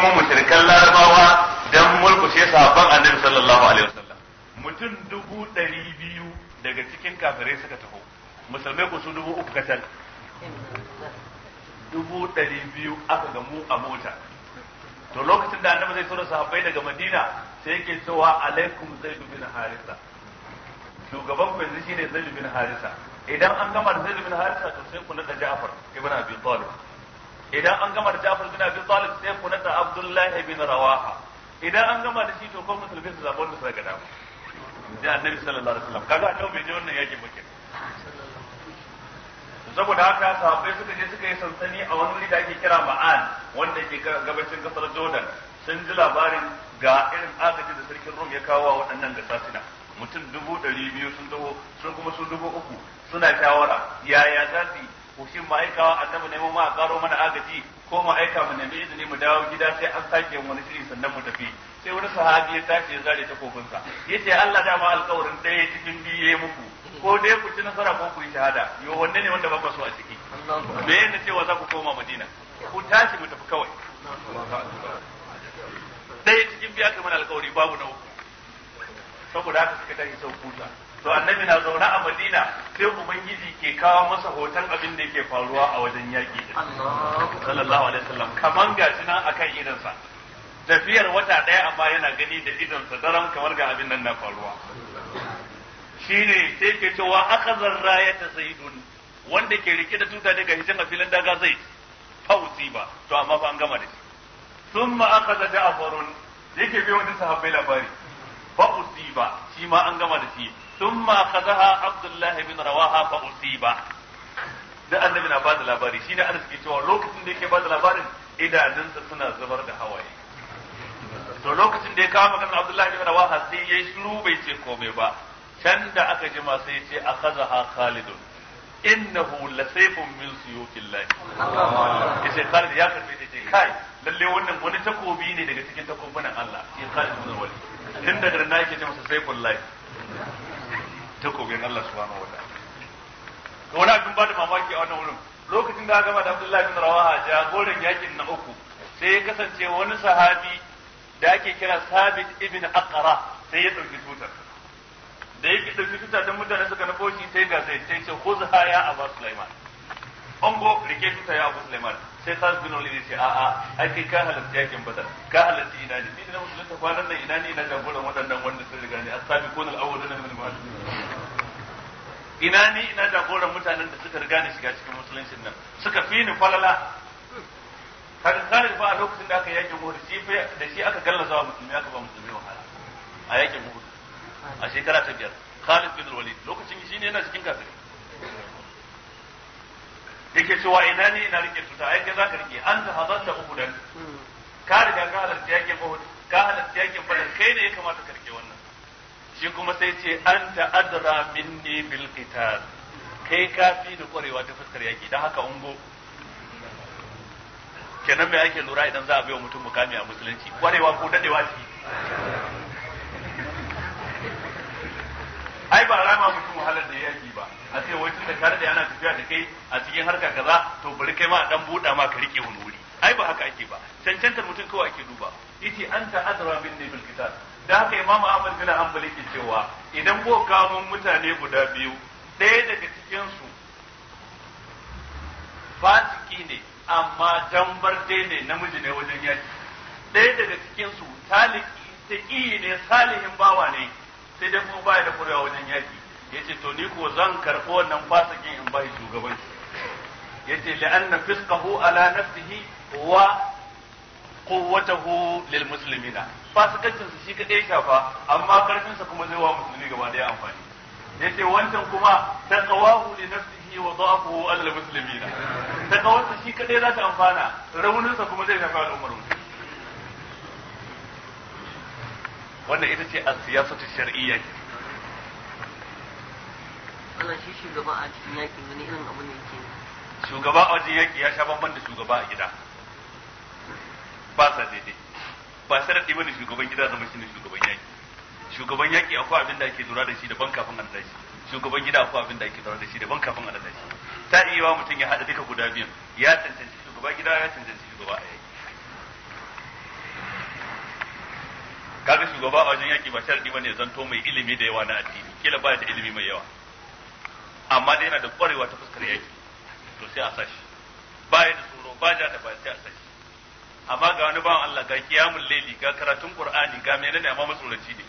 kuma mushrikan larabawa dan mulkushe sahabban annabi sallallahu alaihi wasallam mutum dubu ɗari biyu daga cikin kafirai suka taho musulmai ku su dubu uku kacal dubu ɗari biyu aka gamu a mota to lokacin da annabi zai tura sahabbai daga madina sai yake cewa alaikum zaidu bin harisa shugaban ku yanzu shine zaidu bin harisa idan an gama da zaidu bin harisa to sai ku nada ja'far ibn abi talib idan an gama da Ja'far bin Abi Talib sai kuna da Abdullahi bin Rawaha idan an gama da shi to ko musulmi su zaɓa wanda suka ga dama da Annabi sallallahu alaihi wasallam kaga annabi bai je wannan yaki ba ke saboda haka sahabbai suka je suka yi sansani a wani wuri da ake kira Ma'an wanda ke gabashin kasar Jordan sun ji labarin ga irin agaji da sarkin Rum ya kawo wa waɗannan gasasina mutum dubu ɗari biyu sun taho sun kuma su dubu uku suna shawara yaya za su yi ko shin mu aikawa annabi neman ma a karo mana agaji ko ma'aika aika mu nemi izini mu dawo gida sai an sake wani shiri sannan mu tafi sai wani sahabi ya tashi ya zare takobinsa yace Allah dama alƙawarin ɗaya cikin biye muku ko dai ku ci nasara ko ku yi shahada yo wanne ne wanda ba so a ciki me yana cewa za ku koma Madina ku tashi mu tafi kawai ɗaya cikin biya kamar alƙawari babu na uku saboda haka suka tashi sau kuta to annabi na zauna a madina sai ubangiji ke kawo masa hoton abin da yake faruwa a wajen yaƙi sallallahu alaihi wasallam kaman gashi nan akan idansa tafiyar wata ɗaya amma yana gani da idansa daren kamar ga abin nan na faruwa shine sai ke cewa akazar rayata zaidun wanda ke rike da tuta daga hijin a filin daga zai fauti ba to amma fa an gama da shi thumma akaza ja'farun yake bi wani sahabbai labari fauci ba shi ma an gama da shi ثم أخذها عبد الله بن رواها فأصيب da annabi na bada labari shi ne arziki cewa lokacin da yake bada labarin idanunsa suna zubar da hawaye to lokacin da ya kama maganar Abdullahi bin Rawaha sai ya shiru bai ce komai ba can da aka jima sai ya ce akhazaha Khalidun innahu lasayfun min suyutillah yace Khalid ya karbe ta ce kai lalle wannan wani takobi ne daga cikin takobunan Allah shi Khalid bin Walid tun daga nan yake ce masa sayfullah takobin Allah subhanahu wataala to wani abin ba da mamaki a wannan wurin lokacin da aka gama da Abdullahi bin Rawaha jagoran yakin na uku sai ya kasance wani sahabi da ake kira Sabit ibn Aqra sai ya dauki tutar da yake dauki tutar da mutane suka na shi sai ga sai sai ko khuzha ya Abu Sulaiman go rike ta ya abu suleiman sai sa bin ne ce a'a a ake ka halarci yakin badar ka halatta ina ne ni da musulunta kwanan nan ina ne ina jagoran waɗannan wanda sun riga ne sabi ko na al'awar min mai muhajirin ina ni ina jagoran mutanen da suka riga ni shiga cikin musuluncin nan suka fi ni falala kaga Khalid ba a lokacin da aka yakin Uhud shi da shi aka gallaza wa musulmi aka ba musulmi wahala a yakin Uhud a shekara ta biyar Khalid bin Walid lokacin shi ne yana cikin kafirai yake cewa ina ne ina rike tuta ai kai zaka rike an ta hazarta uhudan hmm. ka riga ka halarta yakin uhud ka halarta yakin badar kai ne ya kamata ka rike wannan shi kuma sai ce an ta adra minni bil qital kai ka fi da kwarewa ta fuskar yaki dan haka ungo kenan me ake lura idan za a bai wa mutum mukami a musulunci kwarewa ko dadewa ce ai ba rama mutum wahalar da yaki a ce wai tun da ka daɗe ana tafiya da kai a cikin harka kaza to bari kai ma dan buɗa ma ka rike wani wuri ai ba haka ake ba cancantar mutum kawai ake duba yace anta azra ne bil kitab da haka imamu ahmad bin hanbal yake cewa idan ko kawo mutane guda biyu ɗaya daga cikin su fasiki ne amma dai ne namiji ne wajen yaki ɗaya daga cikin su taliki ta ne salihin bawa ne sai dai kuma baya da kurewa wajen yaki yace to ni ko zan karɓo wannan fasikin in bai shugabanci yace la'anna fisqahu ala nafsihi wa quwwatuhu lil muslimina fasikancin sa shi kadai shafa amma karfin sa kuma zai wa musulmi gaba daya amfani yace wancan kuma taqawahu li nafsihi wa da'afuhu ala muslimina muslimina taqawarsa shi kadai za ta amfana raunin sa kuma zai shafa al'ummar musulmi wannan ita ce as-siyasatu shar'iyyah magana shi shugaba a cikin yakin wani irin abu ne yake shugaba a wajen yaki ya sha bamban da shugaba a gida ba sa daidai ba sharadi bane shugaban gida zama ne shugaban yaki shugaban yaki akwai abin da ake lura da shi daban kafin a nada shi shugaban gida akwai abin da ake lura da shi daban kafin a nada shi ta iya wa mutum ya haɗa duka guda biyun ya cancanci shugaba gida ya cancanci shugaba a yaki kaga shugaba a wajen yaki ba sharadi bane zanto mai ilimi da yawa na addini kila ba da ilimi mai yawa amma dai yana da kwarewa ta fuskar yaki to sai a sashi baya da tsoro ba ja da ba sai a sashi amma ga wani bawan Allah ga kiyamul laili ga karatun qur'ani ga menene amma matsoraci ne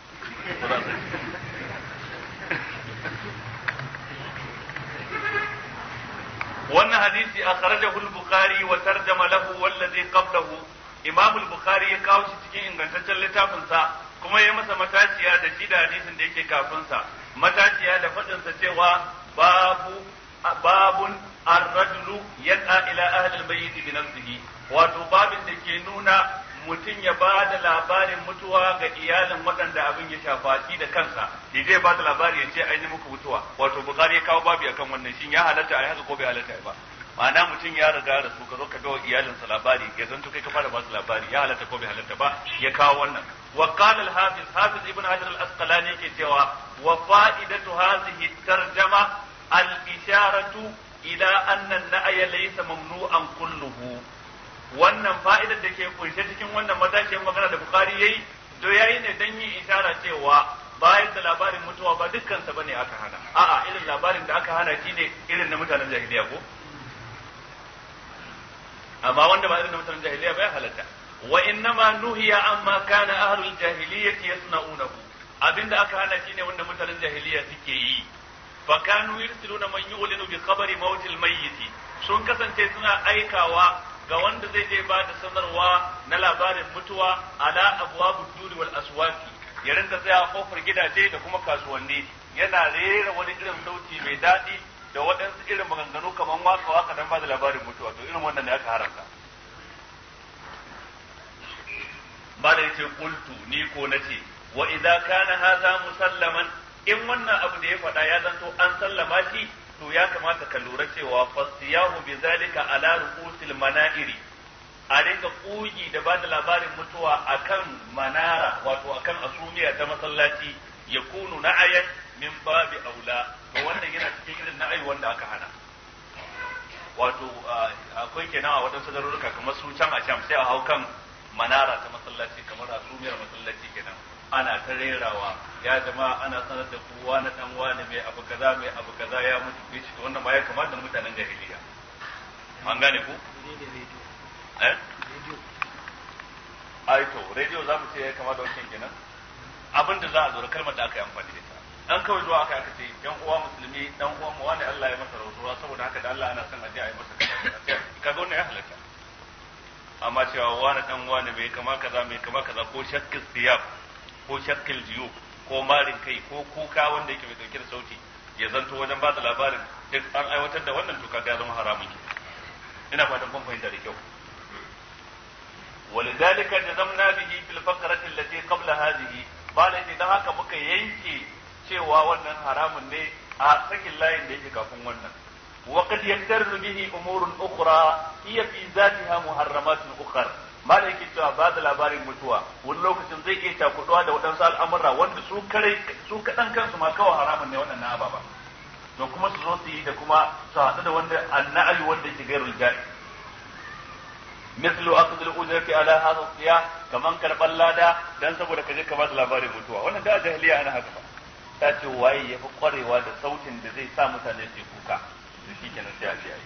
wannan hadisi akhrajahu al-bukhari wa tarjama lahu wallazi qablahu imam al-bukhari ya kawo shi cikin ingantaccen littafin sa kuma ya masa mataciya da shi da hadisin da yake kafin sa mataciya da fadin sa cewa babu babun ar-rajulu yada ila ahli al-mayyit bi nafsihi wato babin da ke nuna mutum ya ba da labarin mutuwa ga iyalin waɗanda abin ya shafa shi da kansa shi zai ba da labari ya ce an yi muku mutuwa wato bukari ya kawo babu akan wannan shin ya halatta a haka ko bai halatta ba ma'ana mutum ya riga da su ka zo ka ga iyalinsa labari ya zanto kai ka fara ba su labari ya halatta ko bai halatta ba ya kawo wannan wa qala al-hafiz hafiz ibn hajar al-asqalani yake cewa wa fa'idatu hadhihi tarjama al-isharatu ila anna an-na'ya laysa mamnu'an kulluhu wannan fa'idar da ke kunshe cikin wannan matashin magana da bukari yayi to yi ne don yi isharar cewa bayan da labarin mutuwa ba dukkansa ne aka hana a'a irin labarin da aka hana shine irin na mutanen jahiliya ko amma wanda ba irin na mutanen jahiliya ba ya halatta wa Nuhi nuhiya amma kana ahlul jahiliyyati Abin abinda aka hana shine wanda mutanen jahiliya suke yi fa kanu yursiluna man yu'linu bi khabari mautil mayyit sun kasance suna aikawa ga wanda zai je ba da sanarwa na labarin mutuwa ala abwabud duri wal aswaqi ya rinka kofar gidaje da kuma kasuwanni yana rera wani irin sauti mai daɗi da wadansu irin maganganu kamar waka waka dan ba da labarin mutuwa to irin wannan ne aka haramta malam ce kultu ni ko nace wa idza kana hadha musallaman in wannan abu da ya faɗa ya zanto an sallama shi to ya kamata ka lura cewa fasiyahu bi zalika ala ru'usil mana'iri a rinka kugi da bada labarin mutuwa akan manara wato akan asumiya ta masallaci ya kunu na'ayan min babi aula to wannan yana cikin irin na'ayi wanda aka hana wato akwai kenan a waɗansu darurruka kamar su can a sai a hau kan manara ta masallaci kamar a rumiyar masallaci kenan ana ta rerawa ya jama'a ana sanar da kowa na dan wani mai abu kaza mai abu kaza ya mutu bai ci wannan ma ya kamata mutanen jahiliya an gane ku eh ai to radio za mu ce ya kamata wancan kenan abin da za a zura kalmar da aka yi amfani da ita dan kawai zuwa aka aka ce yan uwa musulmi dan uwa mu wani Allah ya masa rawa saboda haka da Allah ana son a je a yi masa kaza kaga wannan ya halatta amma cewa wani dan wani mai kama kaza mai kama kaza ko shakkin siyaf ko shakkin jiyo ko marin kai ko kuka wanda yake mai dauke da sauti ya zanto wajen ba da labarin duk an aiwatar da wannan tuka ya zama haramun ki ina fatan kun fahimta da kyau ولذلك جزمنا به في الفقرة التي قبل هذه قال إذا ده haka muka yanke cewa wannan haramun ne a sakin layin da yake kafin wannan وقد يقترن به امور اخرى هي في ذاتها محرمات اخرى malai ke cewa ba da labarin mutuwa wani lokacin zai iya takuduwa da waɗansu al'amura wanda su kare su kaɗan kansu ma kawai haramun ne waɗannan ababa to kuma su zo su yi da kuma su haɗu da wanda annabi wanda ke gairul jari mislu aqd al-ujrati ala hadha as-siyah kaman karban lada dan saboda kaje ka ba da labarin mutuwa wannan da jahiliya ana haka ba ta ce waye fi kwarewa da sautin da zai sa mutane su kuka to shi kenan sai a ce ayi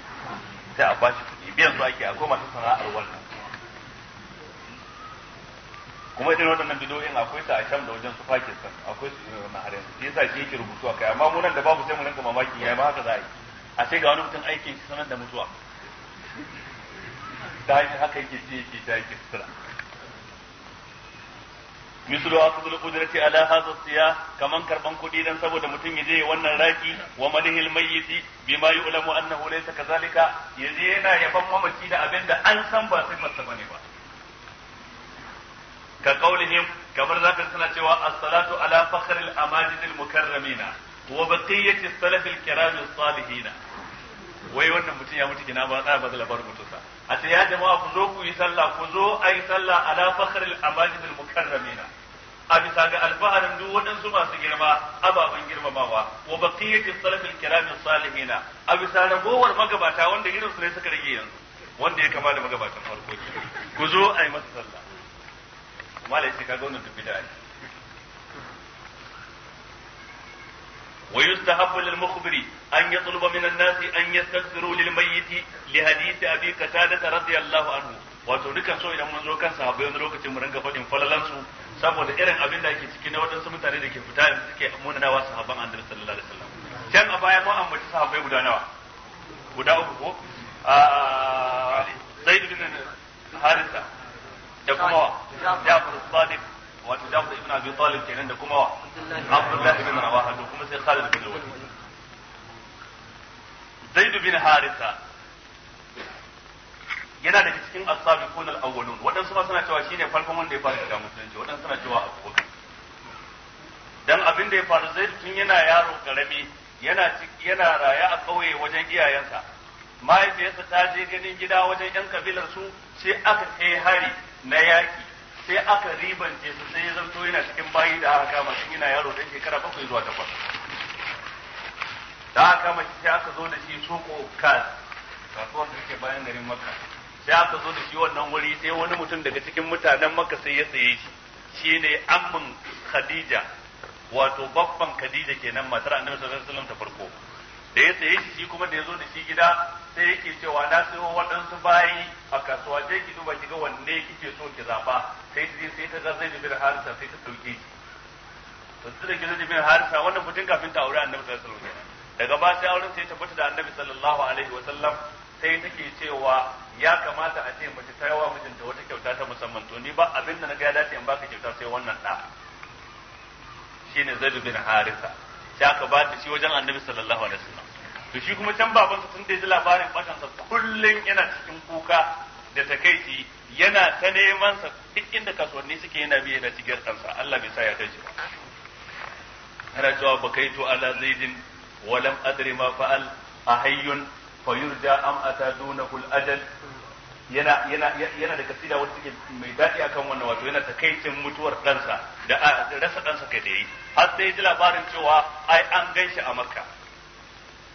sai a bashi kuɗi biyan su ake akwai masu sana'ar wannan kuma irin waɗannan bidoyin akwai su a sham da wajen su pakistan akwai su irin na harin shi yasa shi yake rubutu akai amma mu nan da babu sai mu rinka mamaki yayi ba haka za a yi a sai ga wani mutum aikin shi sanar da mutuwa da haka yake ce yake ta yake sutura mislu akhdhul qudrati ala hadha siyah kaman karban kuɗi dan saboda mutum yaje wannan raki wa malihil mayyiti bima yu'lamu annahu laysa kazalika yaje yana yaban mamaci da abinda an san ba sai masa bane ba ka qaulihim kamar zaka suna cewa as-salatu ala fakhril amajidil mukarramina wa salihina wai wannan mutum ya mutu kina ba tsaya ba zalabar mutusa a ce ya jama'a ku zo ku yi sallah ku zo a sallah ala fakhril amajidil mukarramina a bisa ga alfaharin duk waɗansu masu girma ababen girmamawa wa baqiyati salafil kiram salihina a bisa ragowar magabata wanda irin su ne suka rage yanzu wanda ya kama da magabatan farko ku zo a yi masa sallah malai sai kaga wannan dubbi da ai wa yustahabbu lil mukhbiri an yatluba min an-nas an yastaghfiru lil mayyit li hadith abi qatada radiyallahu anhu wato dukkan so idan mun zo kan sahabbai wani lokacin mu ringa faɗin falalansu saboda irin abin da ake ciki na waɗansu mutane da ke fita yanzu suke munanawa sahabban annabi sallallahu alaihi wasallam can a baya ma an bace sahabbai guda nawa guda uku ko a zaid bin harisa da kuma wa jafar sadiq wato jafar ibn abi talib kenan da kuma wa abdullahi bin rawaha da kuma sai khalid bin walid zaid bin harisa yana da cikin asabi ko al-awwalun wadansu ma suna cewa shine farkon wanda ya fara shiga musulunci wadansu suna cewa abubakar dan abin da ya faru zai tun yana yaro karami yana raya a kauye wajen iyayensa mahaifiyarsa ta je ganin gida wajen yan kabilar su sai aka kai hari na yaki sai aka ribance su sai ya zanto yana cikin bayi da aka kama yana yaro dan shekara bakwai zuwa takwas da aka kama shi sai aka zo da shi soko kas kasuwar da ke bayan garin makka sai aka zo da shi wannan wuri sai wani mutum daga cikin mutanen maka sai ya tsaye shi ne amin khadija wato babban khadija kenan matar annabi sallallahu alaihi wasallam ta farko da ya tsaye shi kuma da ya zo da shi gida sai yake cewa na sayo waɗansu bayi a kasuwa je ki duba ki ga wanne kike so ki zaba sai ta sai ta ga zai da bin harisa sai ta dauke shi to tun da gizo da bin harisa wannan mutum kafin ta aure annabi sallallahu alaihi wasallam daga ba sai auren sai ta fita da annabi sallallahu alaihi wasallam sai take cewa ya kamata a ce mace ta yawa mijinta wata kyauta ta musamman to ni ba abin da na ga ya dace in baka kyauta sai wannan da shine Zaid bin Harisa. Ya aka ba shi wajen Annabi sallallahu alaihi wasallam to shi kuma can babansa tun da ji labarin batansa kullum yana cikin kuka da takaici yana ta neman sa duk inda kasuwanni suke yana biye da cigar kansa Allah bai sa ya ta ba ana cewa bakaitu ala zaidin walam adri ma fa'al ahayyun fa yurja am atadunahu al-ajal yana yana yana da kasida wacce take mai dadi akan wannan wato yana takaicin mutuwar ɗansa da rasa ɗansa kai da yi har sai ji labarin cewa ai an ganshi a makka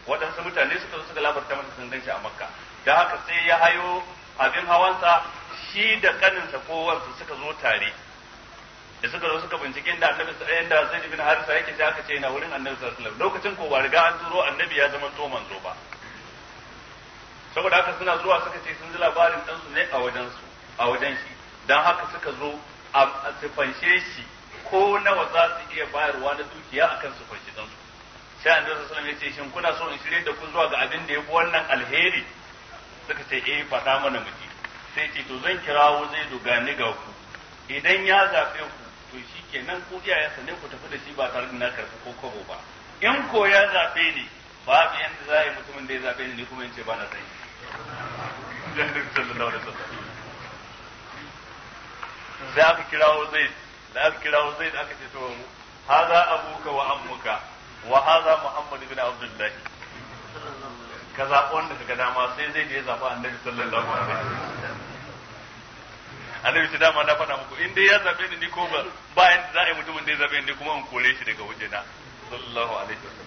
waɗansu mutane suka zo suka labarta masa sun ganshi a makka da haka sai ya hayo abin hawansa shi da kaninsa ko wansu suka zo tare da suka zo suka binciken da annabi sallallahu da wasallam zai bin harisa yake sai aka ce yana wurin annabi sallallahu alaihi wasallam lokacin ko ba riga an turo annabi ya zama to manzo ba saboda haka suna zuwa suka ce sun ji labarin ɗansu ne a wajen su a wajen shi don haka suka zo a sifanshe shi ko nawa za su iya bayarwa na dukiya a kan fanshi ɗansu sai annabi sallallahu alaihi ya ce shin kuna so in shirye da ku zuwa ga abin da ya yafi wannan alheri suka ce eh faɗa mana miji sai ce to zan kirawo zai duga ga ku idan ya zaɓe ku to shi kenan ku iyayensa ne ku tafi da shi ba tare da na karɓi ko kobo ba in ko ya zaɓe ne babu yadda za a yi mutumin da ya zaɓe ni kuma in ce ba na sai da aka kirawo zaid da aka kirawo zaid aka ce to mu haza abuka wa ammuka wa haza muhammad ibn abdullah ka zaɓi wanda ka dama sai zai je zaɓa annabi sallallahu alaihi wasallam annabi ce dama na faɗa muku in dai ya zaɓe ni ko ba bayan da za a yi mutumin da ya zaɓe ni kuma in kore shi daga wajena sallallahu alaihi wasallam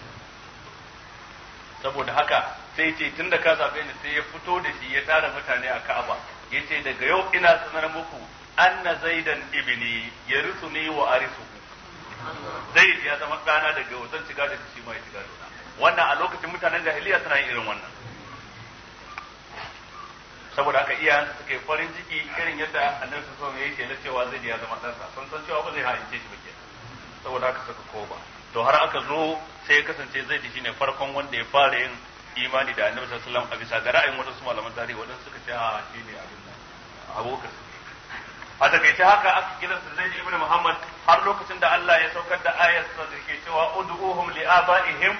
saboda haka sai ce tun da ka zaɓe ni sai ya fito da shi ya tara mutane a Ka'aba yace daga yau ina sanar muku anna zaidan ibni yarisuni wa Arisu. zaid ya zama ɗana daga yau zan shiga da shi ma ya shiga da wannan a lokacin mutanen jahiliya suna yin irin wannan saboda haka iya suka yi farin ciki irin yadda annabi sallallahu alaihi wasallam ya yi cewa zai ya zama ɗansa sun san cewa ba zai haince shi ba kenan saboda haka suka koba to har aka zo sai ya kasance zai ji shine farkon wanda ya fara yin imani da annabi sallallahu alaihi wasallam a bisa ra'ayin wadansu malaman tarihi wadansu suka ce a ah, shine abin nan abubakar a takaice haka aka kira su zai ibnu muhammad har lokacin da Allah ya saukar da ayat sa da ke cewa ud'uhum li abaihim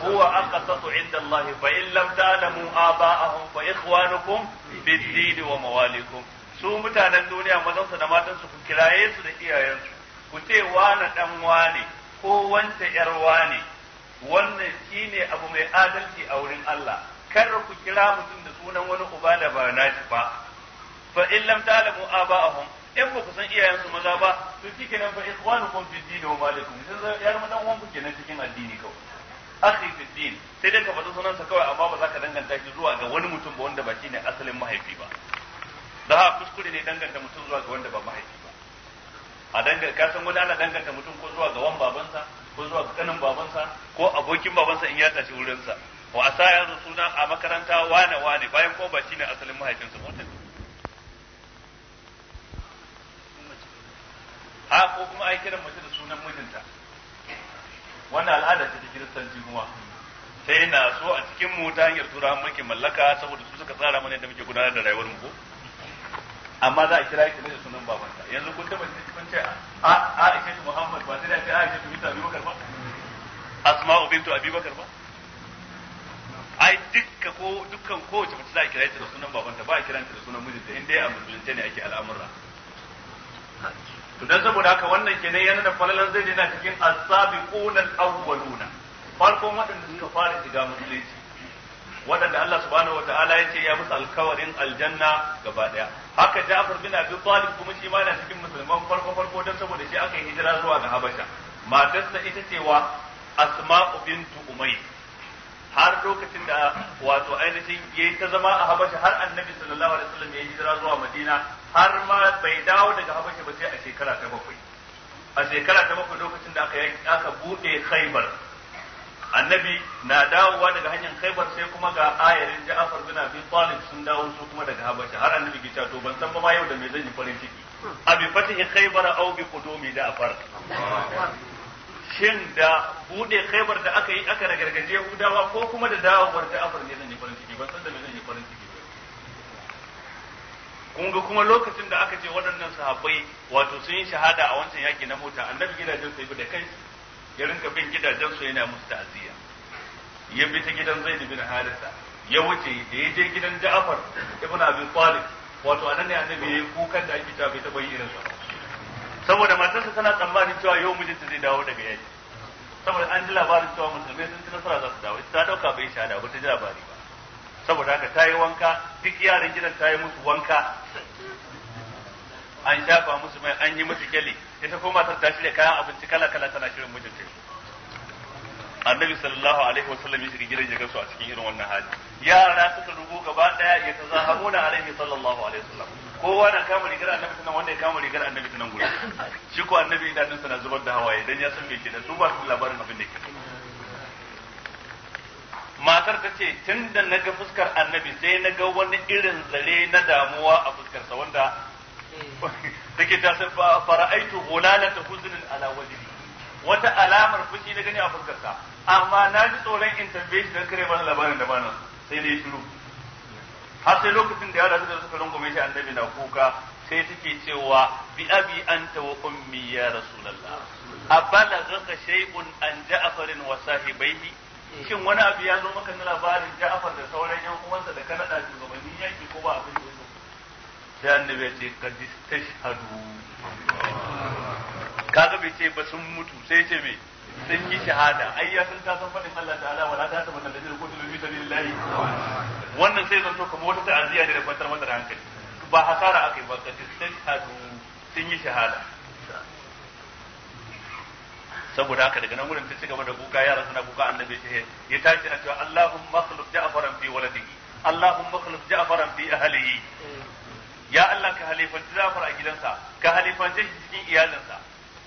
huwa aqsatu inda Allah fa in lam ta'lamu abaahum fa ikhwanukum bid-din wa mawalikum su mutanen duniya mazan su da matansu, ku kiraye su da iyayensu ku ce wani dan wane ko wance yarwa ne wannan shine abu mai adalci a wurin Allah kar ku kira mutum da sunan wani uba da ba nashi ba fa in lam ta'lamu aba'ahum in ba ku san iyayensu maza ba to shikenan fa ikhwanukum fi din wa malikum sai yar madan uwan ku kenan cikin addini kawai akhi fi din sai dai ka faɗi sunansa kawai amma ba za ka danganta shi zuwa ga wani mutum ba wanda ba shine asalin mahaifi ba da haka kuskure ne danganta mutum zuwa ga wanda ba mahaifi a danga, ka san wani ana danganta mutum ko zuwa ga wan babansa ko zuwa ga kanin babansa ko abokin babansa in ya tashi wurinsa wa asa ya suna a makaranta wane wane bayan ko ba shine asalin mahaifinsa ba a ko kuma ai kiran mace da sunan mijinta wannan al'ada ce ta kiristanci kuma sai na so a cikin mu ta hanyar turawan mulkin mallaka saboda su suka tsara mana yadda muke gudanar da rayuwar mu ko amma za a kira shi ne da sunan babanta yanzu kun taba kun ce a Aisha shi Muhammad ba sai da ce ake shi bintu Abubakar ba Asma'u bintu Abubakar ba ai dukkan ko dukkan kowace mace za a kira ta da sunan babanta ba a kiranta da sunan mijinta in dai a musulunce ne ake al'amura to dan saboda haka wannan kenan yana da falalan zai na cikin as-sabiquna al-awwaluna farkon waɗanda suka fara shiga musulunci waɗanda Allah subhanahu wataala ya ce ya musu alkawarin aljanna gaba daya haka Ja'far bin Abi Talib kuma shi ma yana cikin musulman farko farko dan saboda shi aka yi hijira zuwa ga Habasha matarsa ita ce wa Asma'u bintu har lokacin da wato ainihin yayi ta zama a Habasha har Annabi sallallahu alaihi wasallam ya yi hijira zuwa Madina har ma bai dawo daga Habasha ba sai a shekara ta bakwai a shekara ta bakwai lokacin da aka aka bude Khaibar annabi na dawowa daga hanyar khaibar sai kuma ga ayarin ja'afar bin abi talib sun dawo su kuma daga habasha har annabi ke to ban san ba ma yau da me zan yi farin ciki hmm. abi fatihi khaibar au bi qudumi ja'far shin da bude khaibar da aka yi aka ragargaje hudawa ko kuma da dawowar Afar ne zan yi farin ciki ban san da me zan yi farin ciki kun ga kuma lokacin da aka ce waɗannan sahabbai wato sun yi shahada a wancan yaki na mota annabi gidajen sai da kai ya rinka bin gidajensu yana musu ta'aziyya ya bi ta gidan zaid bin harisa ya wuce da ya je gidan ja'far ibn abi talib wato anan ne annabi ya kukan da ake ta bai taba yi irin sa saboda matarsa tana tsammanin cewa yau mijinta zai dawo daga yaki saboda an ji labarin cewa musulmai sun ci nasara za su dawo ta dauka bai shahada ba ta ji labari ba saboda haka ta yi wanka duk yaran gidan ta yi musu wanka an shafa musu mai an yi musu kyale ita ko matar ta shirya kayan abinci kala kala tana shirin mijinta annabi sallallahu alaihi wasallam ya shiga gidan jagar su a cikin irin wannan hali yara suka rubu gaba daya ya zahamuna alaihi sallallahu alaihi wasallam kowa na kama rigar annabi sanan wanda ya kama rigar annabi sanan gurin shi ko annabi idanun sa na zubar da hawaye dan ya san me ke da su ba su labarin abin da ke matar ta ce tun da na ga fuskar annabi sai na ga wani irin zare na damuwa a fuskarsa wanda take ta san fara'aitu gulalata huzunin ala wajhi wata alamar fushi da gani a fuskarsa amma na ji tsoron in tambaye shi dan kare mana labarin da bana sai dai shiru har sai lokacin da yara da suka rungume shi annabi na kuka sai take cewa bi abi anta wa ummi ya rasulullah zaka shay'un an ja'farin wa sahibaihi shin wani abu ya zo maka na labarin ja'far da sauran yan uwansa da da shugabannin yaki ko ba abin da sai annabi ya ce kad tashhadu kaga bai ce ba sun mutu sai ce me sun yi shahada ai ya ta san fadin Allah ta'ala wala ta ta mata da ko ta bi sabilillahi wannan sai zanto kamar wata ta'aziya da kwantar mata da hankali ba hasara akai ba kad tashhadu sun yi shahada saboda haka daga nan wurin ta ci gaba da kuka yara suna kuka annabi ya tashi na cewa Allahumma khluq ja'faran fi waladihi Allahumma khluq ja'faran fi ahlihi ya Allah ka halifanci Jafar a gidansa ka halifanci shi cikin iyalinsa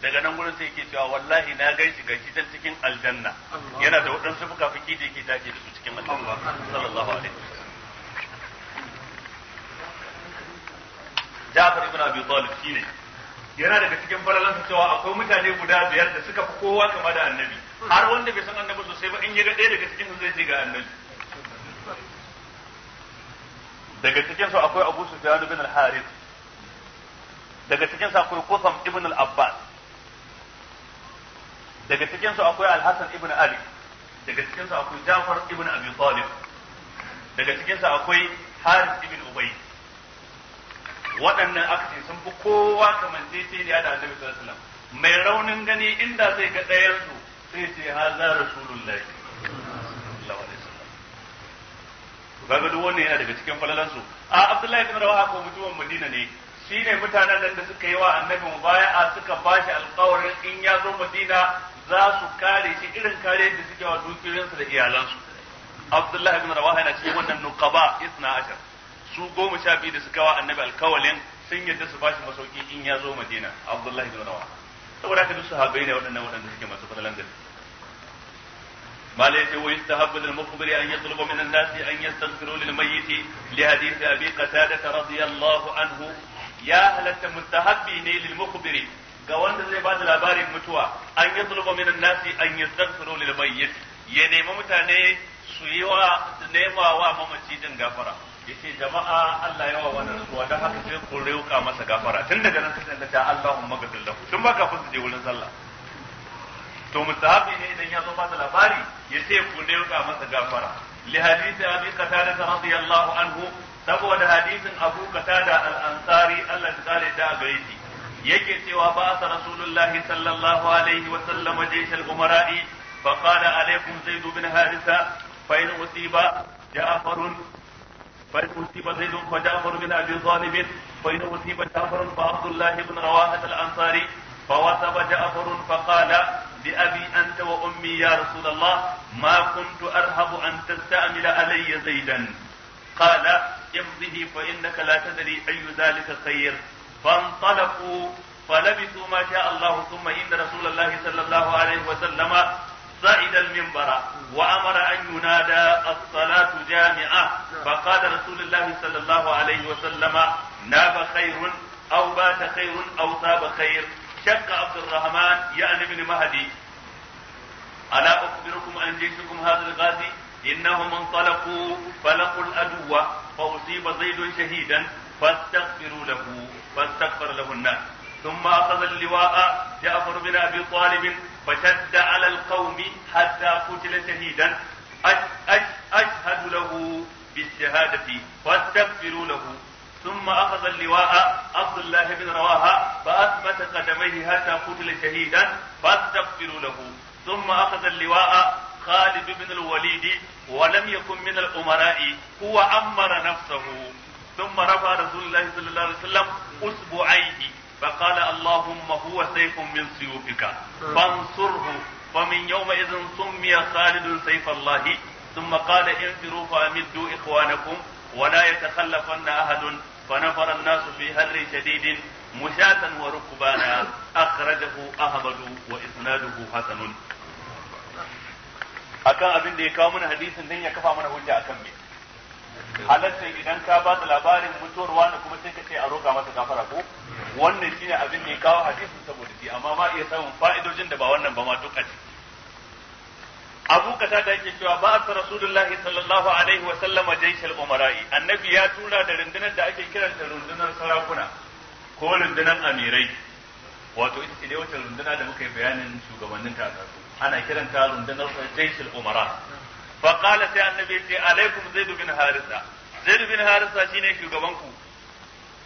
daga nan gurin sai yake cewa wallahi na gan shi gashi can cikin aljanna yana da waɗansu fuka-fuki da yake tashi da su cikin aljanna sallallahu alaihi wasallam Jafar ibn Abi Talib shine yana daga cikin falalansa cewa akwai mutane guda biyar da suka fi kowa kama da annabi har wanda bai san annabi sosai ba in ya ga ɗaya daga cikin zai ji ga annabi daga cikinsu su akwai Abu Sufyan bin al-Harith daga cikinsu akwai Qusam ibn al-Abbas daga cikinsu akwai Al-Hasan ibn Ali daga cikinsu akwai Ja'far ibn Abi Talib daga cikinsu akwai Harith ibn Ubay waɗannan aka sun fi kowa kamar kamanceceniya da Annabi sallallahu alaihi wasallam mai raunin gani inda zai ga ɗayan su sai ce haza rasulullahi kaga duk wannan yana daga cikin falalansu a Abdullahi ibn Rawaha ko mutuwan Madina ne shine mutanen nan da suka yi wa annabi mubaya'a suka bashi alƙawarin in ya zo Madina za su kare shi irin kare da suke wa dukiyoyinsu da iyalansu Abdullahi ibn Rawaha yana cikin wannan nuqaba 12 su goma sha biyu da suka wa annabi alƙawalin sun yadda su bashi masauki in ya zo Madina Abdullahi ibn Rawaha saboda haka duk sahabbai ne waɗannan waɗanda suke masu falalan gaske ما ليس ويستحب للمخبر أن يطلب من الناس أن يستغفروا للميت لحديث أبي قتادة رضي الله عنه يا أهل التمستحبين للمخبر ga wanda zai ba da labarin mutuwa an yi zulma minan nasi an yi tsakfiro lil mayyit ya nemi mutane su mamaci din gafara yace jama'a Allah yawa wannan rasuwa dan haka sai ku rauka masa gafara tun daga nan sai ta Allahumma ghfir lahu tun baka fusu je wurin sallah to mustahabi ne idan ya zo ba da labari ya ce ku ne ka masa gafara li hadisi abi qatada radiyallahu anhu saboda hadisin abu qatada al-ansari Allah ta kare da gare shi yake cewa ba sa rasulullahi sallallahu alaihi wa sallam jaysh al-umara'i fa qala alaikum zaid bin harisa fa in usiba ja'farun فإن أصيب زيد فجعفر بن أبي طالب فإن أصيب جعفر فعبد الله بن رواحة الأنصاري فوثب جعفر فقال بأبي أنت وأمي يا رسول الله ما كنت أرهب أن تستعمل علي زيدا قال امضه فإنك لا تدري أي ذلك خير فانطلقوا فلبثوا ما شاء الله ثم إن رسول الله صلى الله عليه وسلم صعد المنبر وأمر أن ينادى الصلاة جامعة فقال رسول الله صلى الله عليه وسلم ناب خير أو بات خير أو ثاب خير شق عبد الرحمن يعني ابن مهدي ألا أخبركم عن جيشكم هذا الغازي إنهم انطلقوا فلقوا الأدوة فأصيب زيد شهيدا فاستغفروا له فاستغفر له الناس ثم أخذ اللواء جعفر بن أبي طالب فشد على القوم حتى قتل شهيدا أش أش أشهد له بالشهادة فاستغفروا له ثم أخذ اللواء عبد الله بن رواحة فأثبت قدميه حتى قتل شهيدا فاستغفروا له ثم أخذ اللواء خالد بن الوليد ولم يكن من الأمراء هو أمر نفسه ثم رفع رسول الله صلى الله عليه وسلم أسبوعيه فقال اللهم هو سيف من سيوفك فانصره فمن يومئذ سمي خالد سيف الله ثم قال انفروا فأمدوا إخوانكم ولا يتخلفن أحد فنفر الناس في هر شديد مشاة وركبانا أخرجه أحمد وإسناده حسن akan abin da ya kawo mana hadisin dan ya kafa mana hujja akan me halatta idan ka ba da labarin mutuwar wani kuma sai ka ce a roƙa masa gafara ko wannan shine abin da ya kawo hadisin saboda shi amma ma iya samun fa'idojin da ba wannan ba duk a ciki abu ka tada yake cewa ba a rasulullahi sallallahu alaihi wa sallama jaishal umara'i annabi ya tura da rundunar da ake kiranta rundunar sarakuna ko rundunar amirai wato ita ne wata runduna da muka yi bayanin shugabannin ta ana kiranta rundunar jaisul umara fa qala sai annabi sai alaikum zaid bin harisa zaid bin harisa shine shugaban ku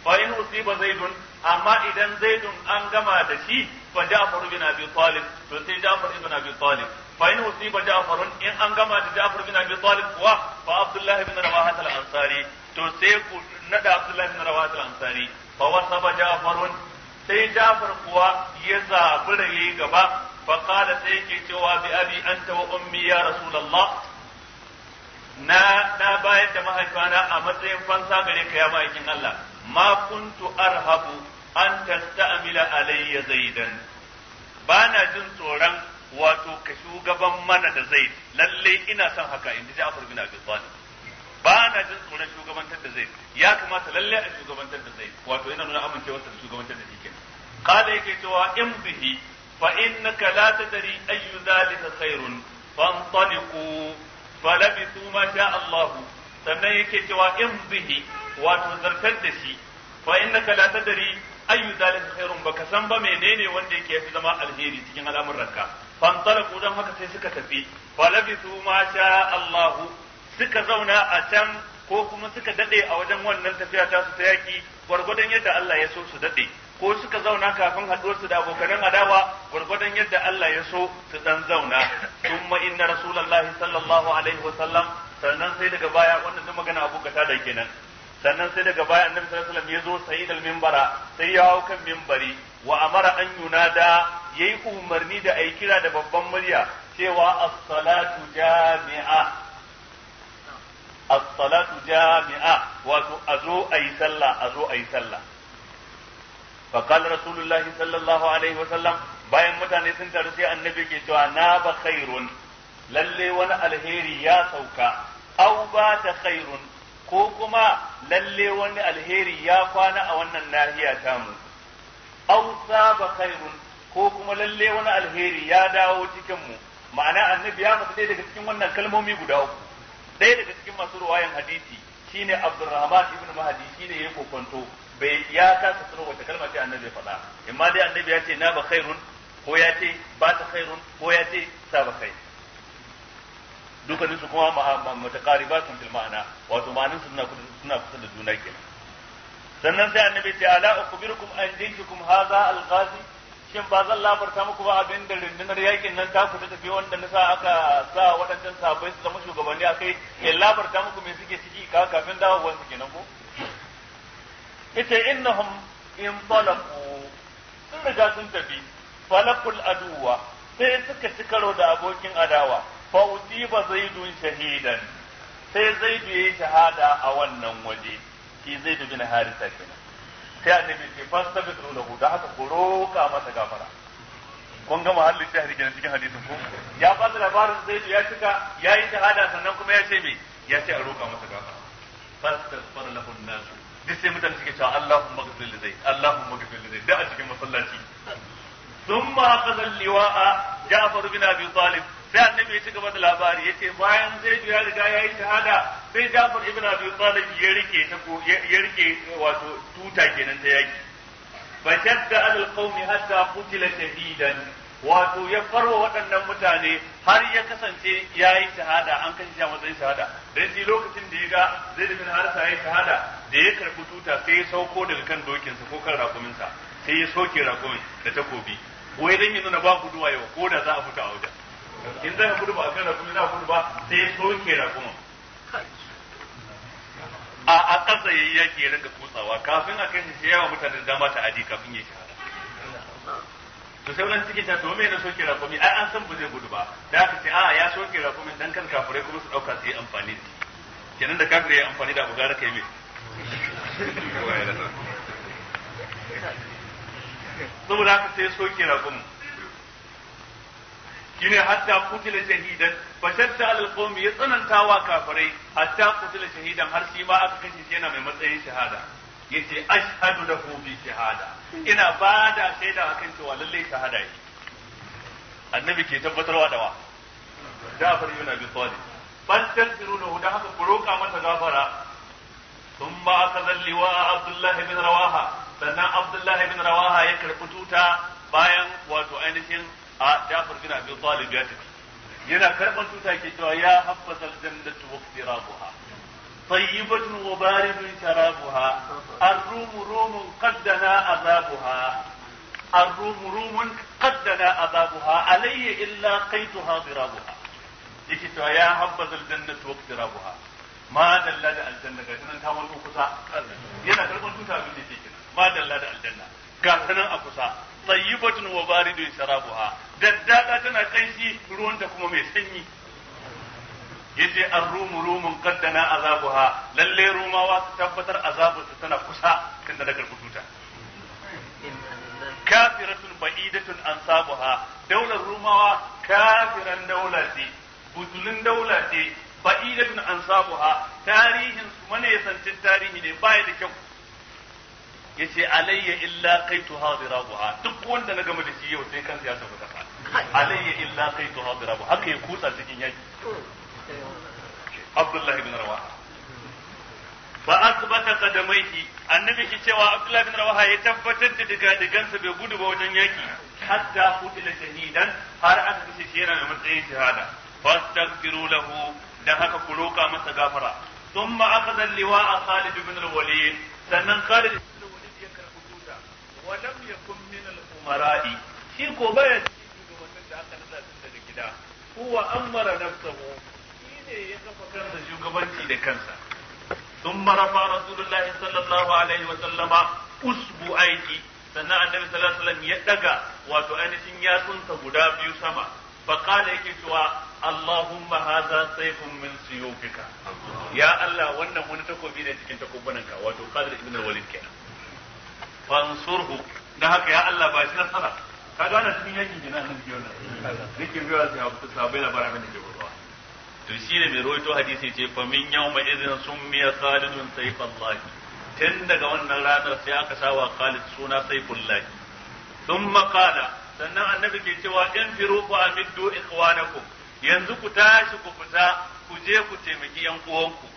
fa in usiba zaidun amma idan zaidun an gama da shi fa ja'far bin abi talib to sai ja'far ibn abi talib fa in usiba ja'far in an gama da ja'far bin abi talib kuwa fa abdullah bin rawahat al-ansari to sai ku nada abdullah bin rawahat al-ansari fa wasaba ja'farun sai ja'far kuwa ya zabura yayi gaba fa da sai yake cewa bi abi anta wa ummi ya rasulullah na bayar da mahaifana a matsayin fansa gare ka ya ma'aikin Allah ma kuntu arhabu an tasta'mila alayya zaidan bana jin tsoron wato ka shugaban mana da zaid lallai ina son haka inda Ja'far bin Abi Talib ba na jin tsoron shugabantar da zai ya kamata lalle a shugabantar da zai wato yana nuna amincewarsa da shugabantar da shi kenan kada yake cewa in bihi fa innaka la tadri ayyu zalika khairun fantaliqu falabithu ma sha Allah sannan yake cewa in bihi wato zartar da shi fa innaka la tadri ayyu zalika khairun baka san ba menene wanda yake fi zama alheri cikin al'amuranka fantaliqu dan haka sai suka tafi falabithu ma sha Allah suka zauna a can ko kuma suka dade a wajen wannan tafiya ta su ta yaki gwargwadon yadda Allah ya so su dade ko suka zauna kafin haɗuwar su da abokanan adawa gwargwadon yadda Allah ya so su dan zauna kuma inna rasulullahi sallallahu alaihi wa sallam sannan sai daga baya wannan duk magana Abu da kenan sannan sai daga baya annabi sallallahu alaihi wasallam ya zo sayyid minbara sai ya hawo kan minbari wa amara an yunada yayi umarni da ayi kira da babban murya cewa as-salatu jami'a as-salatu jami'a wato azo ayi sallah azo ayi sallah fa qala rasulullahi sallallahu alaihi wa sallam bayan mutane sun taru sai annabi ke cewa na ba khairun lalle wani alheri ya sauka au ba ta khairun ko kuma lalle wani alheri ya kwana a wannan nahiya mu? au ba khairun ko kuma lalle wani alheri ya dawo cikin mu ma'ana annabi ya mutu daga cikin wannan kalmomi guda uku ɗaya daga cikin masu ruwayan hadisi shine Abdurrahman ibn Mahdi shine yayi kokonto bai ya kasa tsoro wata kalma ce annabi faɗa imma dai annabi ya ce na ba khairun ko ya ce ba ta khairun ko ya ce ta ba kai dukkanin su kuma mutaqaribatun fil ma'ana wato ma'anin su suna suna kusa da juna kenan sannan sai annabi ce ala ukhbirukum an jinkukum hadha al-ghazi shin ba zan labarta muku ba abin da rundunar yakin nan ta fita tafi wanda nasa aka sa waɗancan sabai su zama shugabanni a kai in labarta muku mai suke ciki ka kafin dawowar su kenan ko ita innahum in falaqu sun riga sun tafi falakul aduwa sai suka ci karo da abokin adawa ba zai zaidun shahidan sai zai yayi shahada a wannan waje shi zaidu bin harisa kenan sai annabi ce fastaghfiru lahu da haka ku roka masa gafara kun ga mahallin shahri gina cikin hadisin ko ya ba da labarin sai ya cika ya yi shahada sannan kuma ya ce me ya ce a roƙa masa gafara fastaghfar lahu an-nas duk sai mutane suke cewa Allahumma ghfir li zaid Allahumma ghfir li zai da a cikin masallaci thumma akhadha al-liwa'a Ja'far bin Abi Talib sai annabi ya ci gaba da labari ya ce bayan ji ya riga ya yi shahada sai jafar ibn abi talib ya rike ta ko ya rike wato tuta kenan ta yaki shadda al qawmi hatta qutila shahidan wato ya farwa waɗannan mutane har ya kasance ya yi shahada an kashe shi a matsayin shahada dan shi lokacin da ya ga zai da harsa ya yi shahada da ya karɓi tuta sai ya sauko daga kan dokinsa ko kan rakuminsa sai ya soke rakumin da takobi wai dan ya nuna ba ku duwa yau ko da za a fita a wajen in za ka gudu ba a kan rakumi za ka gudu ba sai ya soke rakuma a a ƙasa ya yi yaƙi ya rinka kutsawa kafin a kai shi sai yawa mutane da dama ta adi kafin ya shahada to sai wani cikin ta to na soke rakumi ai an san ba zai gudu ba da aka ce a ya soke rakumi dan kan kafirai kuma su ɗauka su yi amfani da kenan da kafirai ya amfani da abu gara ka yi me saboda haka sai soke rakumi shine hatta kutila shahidan fa shatta al qawmi ya tsananta wa kafirai hatta kutila shahidan har shi ma aka kashe yana mai matsayin shahada yace ashhadu da bi shahada ina bada shaida akan cewa lalle shahada yake annabi ke tabbatarwa da wa Ja'far ibn Abi Talib bal tanfirunahu da haka ku roka mata gafara ثم أخذ اللواء عبد Abdullahi بن Rawaha, sannan Abdullahi bin Rawaha ya karɓi tuta bayan wato ainihin a Jafar bin Abi Talib ya tafi yana karban tuta yake cewa ya habbasal jannatu wa qtirabuha طيبة وبارد شرابها الروم روم قد دنا عذابها الروم روم قد دنا عذابها علي illa قيتها ضرابها yake cewa ya habbazal jannatu wa qtirabuha ma dalla da aljanna ga tanan ta wani kusa yana karban tuta abin da yake ma dalla da aljanna ga sanan a kusa tayyibatun wa baridun sharabuha daddada tana kanshi da kuma mai sanyi yace an rumu rumun qaddana azabuha lalle rumawa su tabbatar azabarsu tana kusa kan da daga kututa kafiratun ba'idatun ansabuha daular rumawa kafiran daula ce butulun daula ce ba'idatun ansabuha tarihin su manesancin tarihi ne baya da kyau yace alayya illa qaitu hadirabuha duk wanda na gama da shi yau sai kansa ya tabbata alayya illa kai to hadira ba haka ya kutsa cikin yaki Abdullahi bin rawah ba asbata ki. annabi ki cewa Abdullahi bin rawah ya tabbatar da diga digansa bai gudu ba wajen yaki hatta kutila shahidan har aka kace shi yana da matsayin shahada fastaghfiru lahu dan haka ku roka masa gafara thumma akhadha liwaa Khalid bin al-Walid sannan Khalid bin al-Walid ya karbi tuta wa lam yakun min al-umara'i shi ko baya gida huwa amara nafsahu shine ya kafa kansa shugabanci da kansa sun marafa رسول الله صلى الله عليه sannan annabi sallallahu alaihi ya daga wato ainihin yatsunsa guda biyu sama fa qala yake cewa Allahumma hadha sayfun min suyufika ya Allah wannan wani takobi ne cikin ka wato Khalid ibn al-Walid kenan fansurhu haka ya Allah ba shi nasara ka gane cikin yakin kenan annabi ke wannan rikin gaba sai abu sabai labarin abin da ke gurbawa to shi ne mai rawaito hadisi ce fa min yawma idhin summiya khalidun sayfullah tun daga wannan ranar sai aka sawa khalid suna sayfullah thumma qala sannan annabi ke cewa in firu fa amiddu ikhwanakum yanzu ku tashi ku fita ku je ku taimaki yan uwanku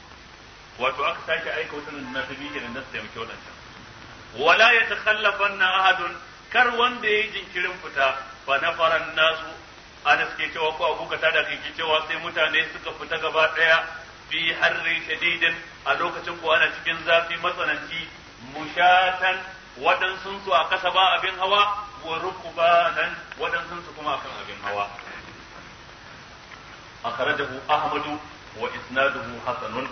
wato aka sake aika wutan nan na tabi kenan da su taimaki wadannan wala yatakhallafanna ahadun kar wanda ya yi jinkirin fita bana na faran nasu ana suke cewa ko abu kata da kike cewa sai mutane suka fita gaba daya fi harri shadidin a lokacin ko ana cikin zafi matsananci mushatan waɗansu su a kasa ba abin hawa wa rukubanan waɗansu su kuma akan abin hawa akhrajahu ahmadu wa isnaduhu hasanun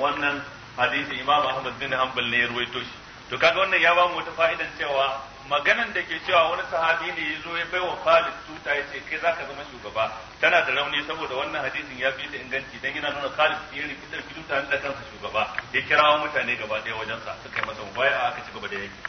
wannan hadisi imam ahmad bin hanbal ne ya ruwaito shi to kaga wannan ya ba mu wata fa'idan cewa maganan da ke cewa wani sahabi ne ya zo ya baiwa Khalid tuta ya ce kai zaka zama shugaba tana da rauni saboda wannan hadisin ya fi da inganci dan yana nuna Khalid ya yi da tuta da kansa shugaba ya kirawo mutane gaba daya wajen sa suka masa mubaya aka ci gaba da yake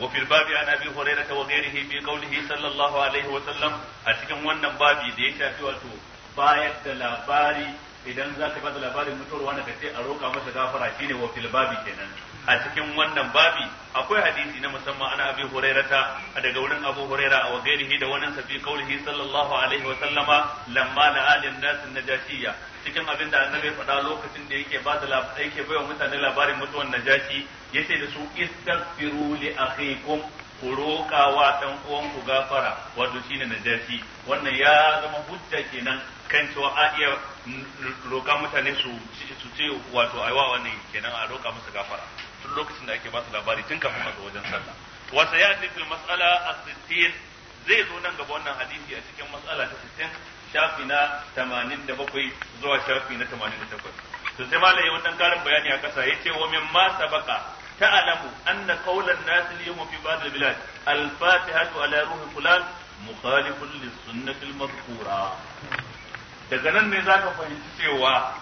wa fil babi ana bi hurairah ta ghairihi bi qawlihi sallallahu alaihi wa sallam a cikin wannan babi da ya shafi wato bayar da labari idan zaka bada labarin mutuwar wani kace a roka masa gafara shine wa fil babi kenan a cikin wannan babi akwai hadisi na musamman ana abi hurairata daga wurin abu huraira a wagairihi da wani safi kaulihi sallallahu alaihi wa sallama lamma la alin nas najashiya cikin abin da annabi ya faɗa lokacin da yake ba da yake baiwa mutane labarin mutuwan najashi yace da su istaghfiru li akhikum ku roƙa wa uwan ku gafara wato shine najashi wannan ya zama hujja kenan kan cewa a iya roƙa mutane su su ce wato aiwa wannan kenan a roƙa musu gafara tun lokacin da ake ba su labari tun kafin a zo wajen sallah wa sayati fil mas'ala as-sittin zai zo nan gaba wannan hadisi a cikin mas'ala ta 60 shafi na 87 zuwa shafi na 88 to sai malai wannan karin bayani a kasa yace wa min ma sabaqa تعلم أن قول الناس اليوم في بعض البلاد الفاتحة على روح فلان مخالف للسنة المذكورة daga nan ne za ka fahimci cewa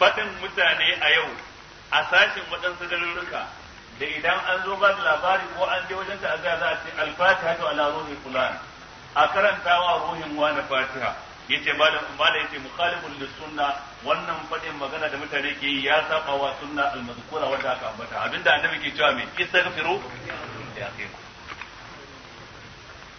faɗin mutane a yau a sashin waɗansu garuruka da idan an zo ba da labari ko an je wajen ta'aziyya za a ce al ala ruhi fulan a karanta wa ruhin wa na fatiha yace malam mala yace mukhalifun lis sunna wannan fadin magana da mutane ke yi ya saba wa sunna al-mazkura wanda aka ambata abinda annabi ke cewa me istaghfiru ya akhiru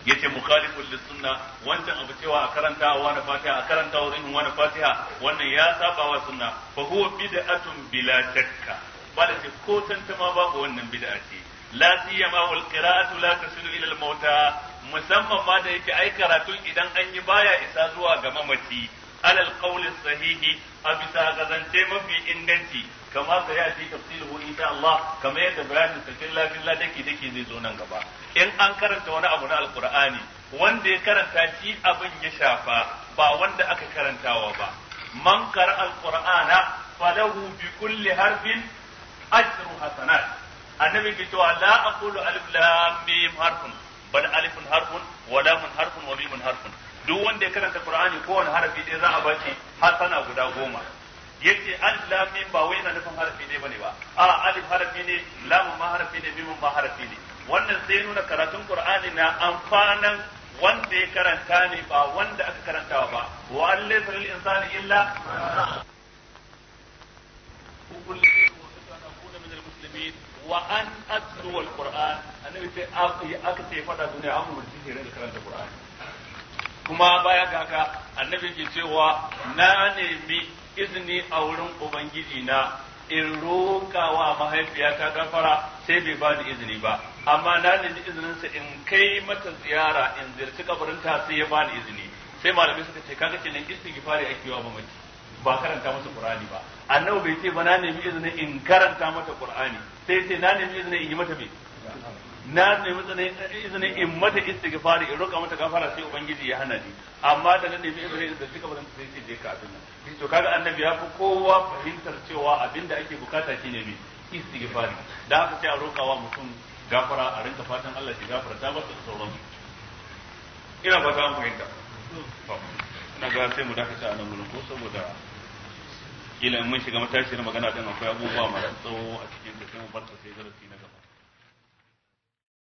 yace mukhalifun lisunna wancan abu cewa a karanta wa na fatiha a karanta wa zuhin wa na fatiha wannan ya saba wa sunna fa huwa bid'atun bila shakka bala ce ko tantama babu wannan bid'a ce la siyama wal qira'atu la tasilu ila al mauta musamman ma da yake ai karatun idan an yi baya isa zuwa ga mamaci alal qawli sahihi a bisa gazance mafi inganci kama sai ya ci tafsiruhu insha Allah kamar yadda bayanin sa filla filla dake dake zai zo nan gaba in an karanta wani abu na alqur'ani wanda ya karanta shi abin ya shafa ba wanda aka karantawa ba man qara alqur'ana falahu bi kulli harfin ashru hasanat annabi ke cewa la aqulu alif lam mim harfun bal alifun harfun wa harfun wa harfun duk wanda ya karanta qur'ani kowane harafi ɗaya za a baki hasana guda goma yace alif lam mim ba wai yana nufin harafi ɗaya bane ba a alif harafi ne lam ma harafi ne mim ma harafi ne wannan sai nuna karatun qur'ani na amfanan wanda ya karanta ne ba wanda aka karantawa ba wa allaysa lil insani illa wa an وأن أتلو القرآن أنا أكتب فتا دنيا عمرو من karanta qur'ani. kuma baya kaka annabi ke cewa na nemi izini a wurin ubangiji na in rokawa ta gafara sai bai bani izini ba amma na nemi izininsa in kai mata ziyara in ziyarci ta sai ya bani izini sai malamai suka ce kaga kenan istighfari ake yawa mamaki ba karanta masa qur'ani ba annabi bai ce ba na nemi izini in karanta mata qur'ani sai sai na nemi izini in yi mata me na nemi izinin in mata istighfari in roƙa mata gafara sai ubangiji ya hana ni amma da na nemi izinin da suka bazanta sai ce je ka abin nan to kaga annabi ya fi kowa fahimtar cewa abin da ake bukata shi ne istighfari da aka ce a roƙawa mutum gafara a rinka fatan Allah shi gafara ta basu da su ina ba ta an fahimta ina ga sai mu dakata a nan gurin ko saboda ila mun shiga matashi na magana din akwai abubuwa masu tsawo a cikin da sai mu barka sai zarafi